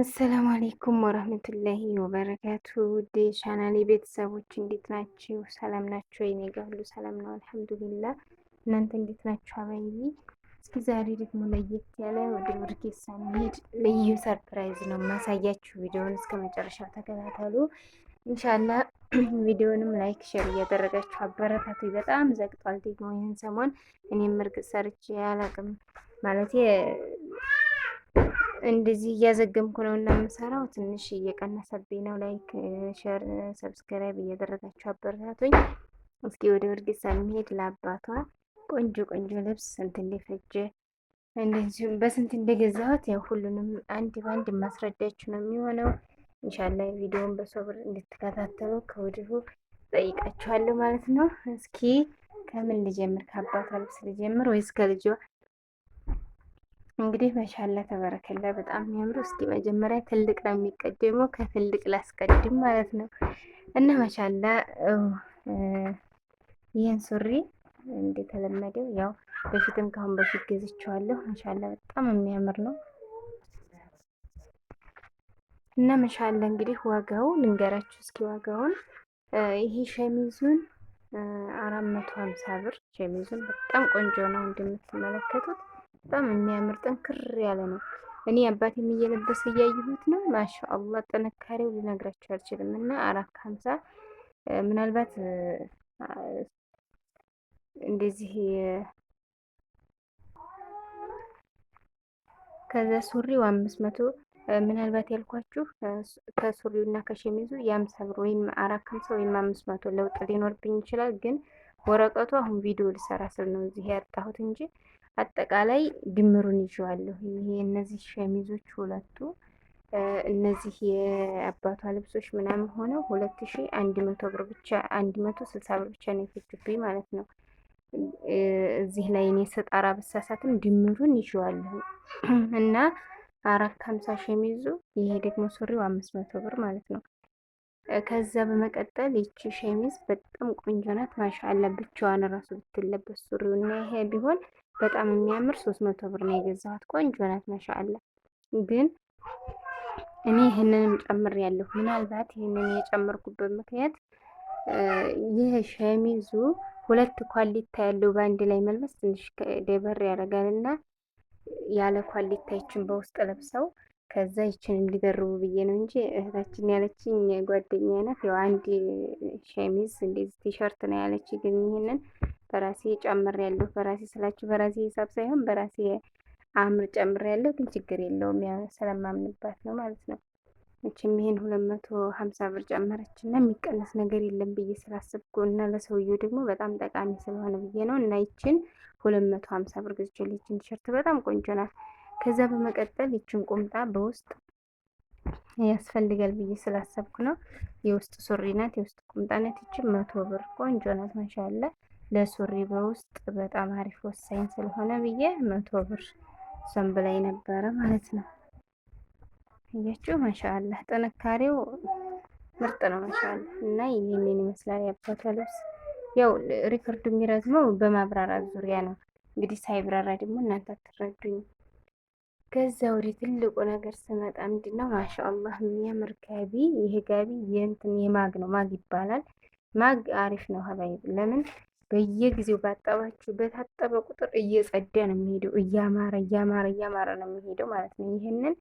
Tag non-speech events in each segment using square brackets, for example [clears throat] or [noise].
አሰላሙ አሌይኩም ወረህመቱላሂ ወበረካቱ። ውድ ቻናሌ ቤተሰቦች እንዴት ናችሁ? ሰላም ናችሁ? ወይኔ ጋ ሁሉ ሰላም ነው አልሐምዱሊላ። እናንተ እንዴት ናችሁ? አበይቢ እስኪ ዛሬ ደግሞ ለየት ያለ ወደ ወርጌሳ የሚሄድ ልዩ ሰርፕራይዝ ነው የማሳያችሁ። ቪዲዮውን እስከ መጨረሻው ተከታተሉ እንሻላ። ቪዲዮንም ላይክ፣ ሸር እያደረጋችሁ አበረታቱ። በጣም ዘግጧል ደግሞ ይህን ሰሞን እኔም እርግጥ ሰርቼ አላቅም ማለቴ እንደዚህ እያዘገምኩ ነው እና የምሰራው ትንሽ እየቀነሰብኝ ነው። ላይክ ሸር፣ ሰብስክራይብ እያደረጋችሁ አበረታቶኝ። እስኪ ወደ ወርጌሳ የሚሄድ ለአባቷ ቆንጆ ቆንጆ ልብስ ስንት እንደፈጀ እንደዚሁም በስንት እንደገዛሁት ያው ሁሉንም አንድ በአንድ ማስረዳችሁ ነው የሚሆነው። እንሻላ ቪዲዮውን በሶብር እንድትከታተሉ ከወዲሁ ጠይቃችኋለሁ ማለት ነው። እስኪ ከምን ልጀምር? ከአባቷ ልብስ ልጀምር ወይስ ከልጇ? እንግዲህ መሻላ ተበረከላ በጣም የሚያምሩ። እስኪ መጀመሪያ ትልቅ ነው የሚቀደመው፣ ከትልቅ ላስቀድም ማለት ነው። እና መሻላ ይህን ሱሪ እንደተለመደው ያው በፊትም ከአሁን በፊት ገዝቼዋለሁ። መሻላ በጣም የሚያምር ነው። እና መሻላ እንግዲህ ዋጋው ልንገራችሁ እስኪ ዋጋውን። ይሄ ሸሚዙን አራት መቶ ሀምሳ ብር ሸሚዙን በጣም ቆንጆ ነው እንደምትመለከቱት በጣም የሚያምር ጥንክር ያለ ነው። እኔ አባቴም እየለበሰ እያየሁት ነው። ማሻ ጥንካሬው ልነግራቸው አልችልም። እና አራት ሀምሳ ምናልባት እንደዚህ ከዛ ሱሪው አምስት መቶ ምናልባት ያልኳችሁ ከሱሪው እና ከሸሚዙ የአምሳ ብር ወይም አራት ከምሳ ወይም አምስት መቶ ለውጥ ሊኖርብኝ ይችላል ግን ወረቀቱ አሁን ቪዲዮ ልሰራ ስል ነው እዚህ ያጣሁት እንጂ አጠቃላይ ድምሩን ይዤዋለሁ። ይሄ እነዚህ ሸሚዞች ሁለቱ እነዚህ የአባቷ ልብሶች ምናምን ሆነው ሁለት ሺ አንድ መቶ ብር ብቻ አንድ መቶ ስልሳ ብር ብቻ ነው የፈጅብኝ ማለት ነው። እዚህ ላይ እኔ ስጠራ ብሳሳትም ድምሩን ይዤዋለሁ [clears throat] እና አራት ሀምሳ ሸሚዙ ይሄ ደግሞ ሱሪው አምስት መቶ ብር ማለት ነው። ከዛ በመቀጠል ይቺ ሸሚዝ በጣም ቆንጆ ናት። ማሻአላ ብቻዋን ራሱ ብትለበስ ሱሪው እና ይሄ ቢሆን በጣም የሚያምር ሶስት መቶ ብር ነው የገዛኋት። ቆንጆ ናት ማሻአላ። ግን እኔ ይህንንም ጨምር ያለሁ ምናልባት ይህንን የጨመርኩበት ምክንያት ይህ ሸሚዙ ሁለት ኳሊታ ያለው በአንድ ላይ መልበስ ትንሽ ደበር ያደርጋል እና ያለ ኳሊታችን በውስጥ ለብሰው ከዛ ይችን እንዲደርቡ ብዬ ነው እንጂ እህታችን ያለችኝ ጓደኛ ናት። ያው አንድ ሸሚዝ እንደዚህ ቲሸርት ነው ያለች። ግን ይህንን በራሴ ጨምር ያለሁ በራሴ ስላችሁ በራሴ ሂሳብ ሳይሆን በራሴ አምር ጨምር ያለሁ ግን ችግር የለውም ስለማምንባት ነው ማለት ነው። መቼም ይህን ሁለት መቶ ሀምሳ ብር ጨመረች እና የሚቀነስ ነገር የለም ብዬ ስላስብኩ እና ለሰውየው ደግሞ በጣም ጠቃሚ ስለሆነ ብዬ ነው እና ይችን ሁለት መቶ ሀምሳ ብር ገዝቼ ልጅ ቲሸርት በጣም ቆንጆ ናት። ከዛ በመቀጠል ይችን ቁምጣ በውስጥ ያስፈልጋል ብዬ ስላሰብኩ ነው። የውስጥ ሱሪ ናት፣ የውስጥ ቁምጣ ናት። ይችን መቶ ብር ቆንጆ ናት። ማሻለ ለሱሪ በውስጥ በጣም አሪፍ ወሳኝ ስለሆነ ብዬ መቶ ብር ሰንብ ላይ ነበረ ማለት ነው። እያችሁ ማሻአላህ ጥንካሬው ምርጥ ነው። ማሻአላህ እና ይህንን ይመስላል የአባቷ ልብስ። ያው ሪከርዱ የሚረዝመው በማብራራት ዙሪያ ነው። እንግዲህ ሳይብራራ ደግሞ እናንተ አትረዱኝ። ከዛ ወደ ትልቁ ነገር ስመጣ ምንድን ነው ማሻአላህ የሚያምር ጋቢ። ይሄ ጋቢ የእንትን የማግ ነው፣ ማግ ይባላል። ማግ አሪፍ ነው ሀባይብ። ለምን በየጊዜው ባጠባችሁ በታጠበ ቁጥር እየጸዳ ነው የሚሄደው፣ እያማረ እያማረ እያማረ ነው የሚሄደው ማለት ነው። ይህንን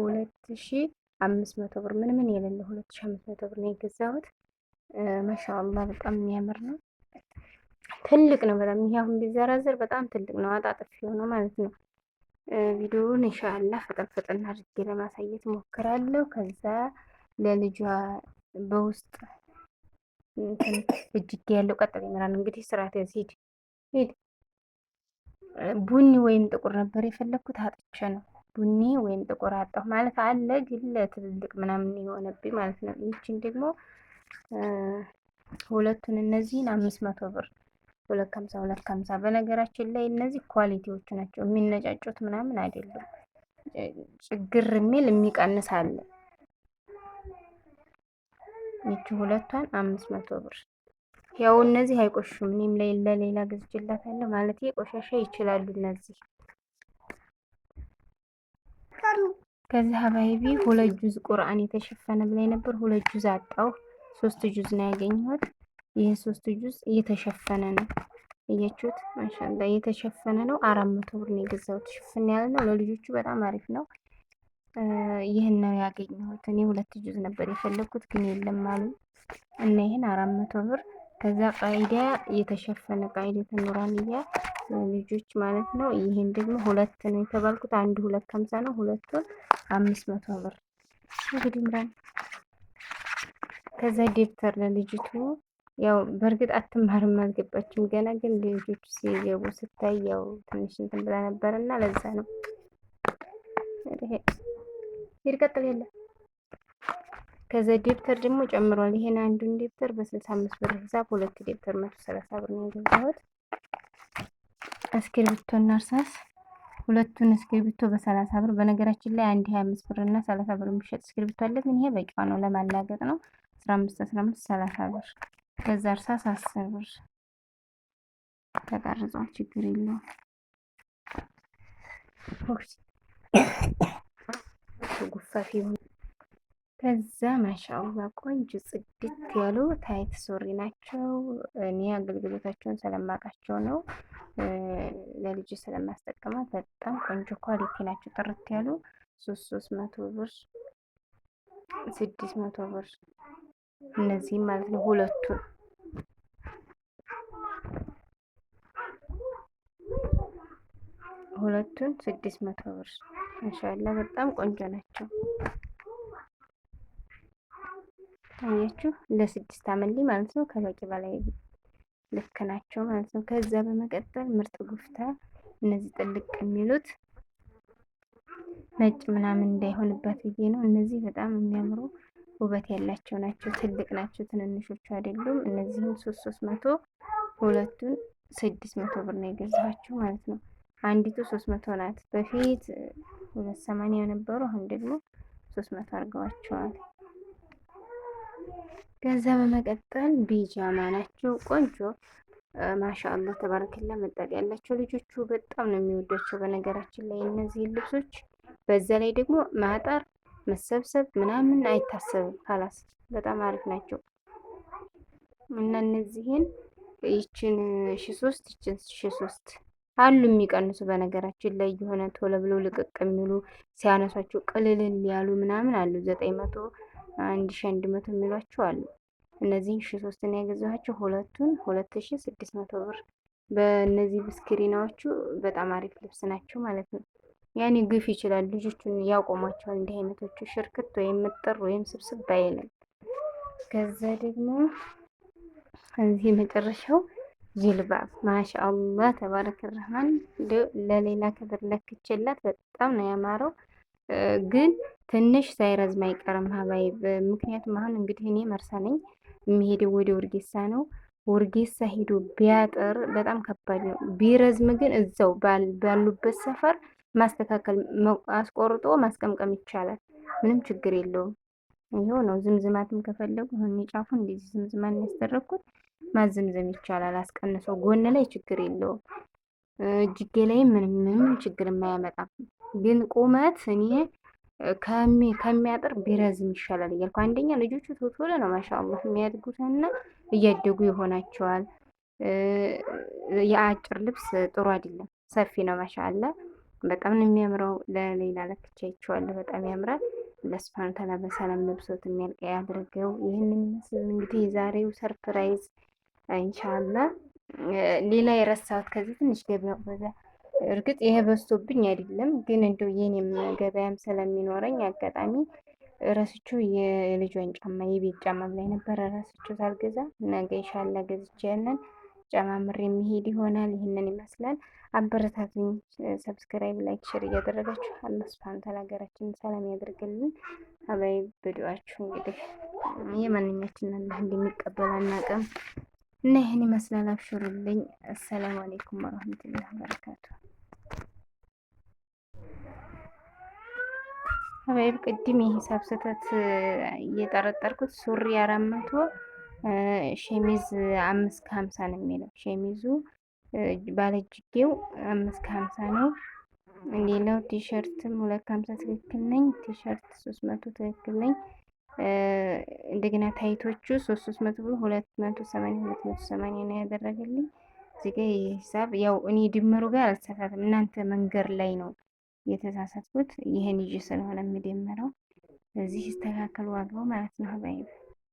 ሁለት ሺ አምስት መቶ ብር ምን ምን የሌለ ሁለት ሺ አምስት መቶ ብር ነው የገዛሁት። ማሻአላህ በጣም የሚያምር ነው። ትልቅ ነው በጣም ይሄ አሁን ቢዘራዘር በጣም ትልቅ ነው። አጣጥፍ የሆነው ማለት ነው። ቪዲዮውን እንሻአላ ፈጠን ፈጠን አድርጌ ለማሳየት ሞክራለሁ። ከዛ ለልጇ በውስጥ እጅጌ ያለው ቀጠል ይመራል። እንግዲህ ስርዓት ያዝ፣ ሂድ ሂድ። ቡኒ ወይም ጥቁር ነበር የፈለግኩት አጥቼ ነው። ቡኒ ወይም ጥቁር አጣሁ ማለት አለ፣ ግን ለትልልቅ ምናምን የሆነብኝ ማለት ነው። ይችን ደግሞ ሁለቱን እነዚህን አምስት መቶ ብር ሁለት ከምሳ ሁለት ከምሳ። በነገራችን ላይ እነዚህ ኳሊቲዎቹ ናቸው የሚነጫጩት ምናምን አይደለም። ችግር የሚል የሚቀንስ አለ። ይቺ ሁለቷን አምስት መቶ ብር ያው እነዚህ አይቆሹም። እኔም ላይ ለሌላ ገዝቼላታለሁ ማለት ቆሻሻ ይችላሉ እነዚህ። ከዚህ ሀባይቢ ሁለት ጁዝ ቁርአን የተሸፈነ ብላይ ነበር። ሁለት ጁዝ አጣው ሶስት ጁዝ ነው ያገኘሁት። ይህ ሶስት ጁስ እየተሸፈነ ነው። እያችሁት ማሻላ እየተሸፈነ ነው። አራት መቶ ብር ነው የገዛሁት። ሽፍን ያለ ነው። ለልጆቹ በጣም አሪፍ ነው። ይህን ነው ያገኘሁት። እኔ ሁለት ጁዝ ነበር የፈለግኩት ግን የለም አሉ እና ይህን አራት መቶ ብር ከዛ ቃይዳ እየተሸፈነ ቃይዳ ኑራንያ ልጆች ማለት ነው። ይህን ደግሞ ሁለት ነው የተባልኩት። አንድ ሁለት ከምሳ ነው። ሁለቱን አምስት መቶ ብር እንግዲህ ምራን ከዛ ዴፕተር ለልጅቱ ያው በእርግጥ አትማርም አልገባችም ገና። ግን ልጆቹ ሲገቡ ስታይ ያው ትንሽ እንትን ብላ ነበር እና ለዛ ነው ይርቀጥል የለ። ከዛ ዴፕተር ደግሞ ጨምሯል። ይሄን አንዱን ዴፕተር በስልሳ አምስት ብር ሂሳብ ሁለት ዴፕተር መቶ ሰላሳ ብር ነው የገዛሁት። እስክሪብቶና እርሳስ ሁለቱን እስክሪብቶ በሰላሳ ብር። በነገራችን ላይ አንድ ሀያ አምስት ብር እና ሰላሳ ብር የሚሸጥ እስክሪብቶ አለ። ግን ይሄ በቂዋ ነው ለማላገጥ ነው። አስራ አምስት አስራ አምስት ሰላሳ ብር በዛ እርሳስ አስር ብር ተቀርጿል። ችግር የለውም። ጉፋፊ ከዛ ማሻአላ ቆንጆ ጽድት ያሉ ታይት ሱሪ ናቸው። እኔ አገልግሎታቸውን ስለማውቃቸው ነው ለልጅ ስለማስጠቀማት በጣም ቆንጆ ኳሊቲ ናቸው። ጥርት ያሉ ሶስት ሶስት መቶ ብር ስድስት መቶ ብር እነዚህም ማለት ነው ሁለቱን ሁለቱን ስድስት መቶ ብር እንሻላ በጣም ቆንጆ ናቸው። ታያችሁ ለስድስት አመሊ ማለት ነው። ከበቂ በላይ ልክ ናቸው ማለት ነው። ከዛ በመቀጠል ምርጥ ጉፍታ እነዚህ ጥልቅ የሚሉት ነጭ ምናምን እንዳይሆንበት ብዬ ነው። እነዚህ በጣም የሚያምሩ ውበት ያላቸው ናቸው። ትልቅ ናቸው፣ ትንንሾቹ አይደሉም። እነዚህም ሶስት ሶስት መቶ ሁለቱን ስድስት መቶ ብር ነው የገዛኋቸው ማለት ነው። አንዲቱ ሶስት መቶ ናት። በፊት ሁለት ሰማንያ ነበሩ። አሁን ደግሞ ሶስት መቶ አድርገዋቸዋል። ከዛ በመቀጠል ቢጃማ ናቸው። ቆንጆ ማሻአላ ተባረክላ መጠቅ ያላቸው ልጆቹ በጣም ነው የሚወዷቸው። በነገራችን ላይ እነዚህ ልብሶች በዛ ላይ ደግሞ ማጠር መሰብሰብ ምናምን አይታሰብም። ካላስ በጣም አሪፍ ናቸው እና እነዚህን ይችን ሺ ሶስት ይችን ሺ ሶስት አሉ የሚቀንሱ በነገራችን ላይ የሆነ ቶሎ ብሎ ልቅቅ የሚሉ ሲያነሷቸው ቅልልል ያሉ ምናምን አሉ። ዘጠኝ መቶ አንድ ሺ አንድ መቶ የሚሏቸው አሉ። እነዚህ ሺ ሶስትን ያገዛኋቸው ሁለቱን ሁለት ሺ ስድስት መቶ ብር። በእነዚህ ብስክሪናዎቹ በጣም አሪፍ ልብስ ናቸው ማለት ነው። ያኔ ግፍ ይችላል ልጆቹን ያቆሟቸዋል። እንዲህ አይነቶቹ ሽርክት ወይም ምጥር ወይም ስብስብ አይልም። ከዛ ደግሞ እዚህ መጨረሻው ጅልባብ ማሻአላህ ተባረከ ረህማን ለሌላ ክብር ለክችላት በጣም ነው ያማረው፣ ግን ትንሽ ሳይረዝም አይቀርም ሀባይ። ምክንያቱም አሁን እንግዲህ እኔ መርሳ ነኝ የሚሄደው ወደ ውርጌሳ ነው። ውርጌሳ ሄዶ ቢያጥር በጣም ከባድ ነው። ቢረዝም ግን እዛው ባሉበት ሰፈር ማስተካከል አስቆርጦ ማስቀምቀም ይቻላል። ምንም ችግር የለውም። ይሄው ነው። ዝምዝማትም ከፈለጉ አሁን ጫፉ እንደዚህ ዝምዝማን ያስደረግኩት ማዝምዝም ይቻላል። አስቀንሰው ጎን ላይ ችግር የለውም። እጅጌ ላይ ምንም ችግር የማያመጣም። ግን ቁመት እኔ ከሚያጥር ቢረዝም ይሻላል እያልኩ አንደኛ ልጆቹ ቶቶሎ ነው ማሻአላህ የሚያድጉትና እያደጉ ይሆናቸዋል። የአጭር ልብስ ጥሩ አይደለም። ሰፊ ነው ማሻአላህ በጣም ነው የሚያምረው። ለሌላ ለክቻ ይቸዋለሁ። በጣም ያምራል። ለስፋንተላ በሰላም ልብሶት የሚያልቀ ያድርገው። ይህንን እንግዲህ የዛሬው ሰርፕራይዝ ኢንሻላ ሌላ የረሳሁት ከዚህ ትንሽ ገበያ በዛ። እርግጥ ይሄ በዝቶብኝ አይደለም ግን እንደው የኔም ገበያም ስለሚኖረኝ አጋጣሚ ረስቼው የልጇን ጫማ የቤት ጫማ ላይ ነበረ ረስቼው ሳልገዛ ነገ ኢንሻላ ገዝቼ ያለን ጨማምር የሚሄድ ይሆናል። ይህንን ይመስላል። አበረታቱኝ። ሰብስክራይብ፣ ላይክ፣ ሼር እያደረጋችሁ አላህ ሱብሃነ ወተዓላ ሀገራችንን ሰላም ያደርግልን። አባይ በዱአችሁ እንግዲህ የማንኛችን አላህ እንደሚቀበል አናውቅም። እና ይህን ይመስላል። አብሽሩልኝ። አሰላሙ አሌይኩም ወረህመቱላህ በረካቱ። አበይብ ቅድም የሂሳብ ስህተት እየጠረጠርኩት ሱሪ አራት መቶ ሸሚዝ አምስት ከሀምሳ ነው የሚለው። ሸሚዙ ባለእጅጌው አምስት ከሀምሳ ነው። ሌላው ቲሸርትም ሁለት ከሀምሳ ትክክል ነኝ። ቲሸርት ሶስት መቶ ትክክል ነኝ። እንደገና ታይቶቹ ሶስት ሶስት መቶ ብሎ ሁለት መቶ ሰማንያ ሁለት መቶ ሰማንያ ነው ያደረገልኝ። እዚህ ጋር ይህ ሂሳብ ያው እኔ ድምሩ ጋር አልተሳሳትም፣ እናንተ መንገድ ላይ ነው የተሳሳትኩት። ይህን ይዤ ስለሆነ የምደምረው እዚህ ይስተካከሉ አግባው ማለት ነው ባይብ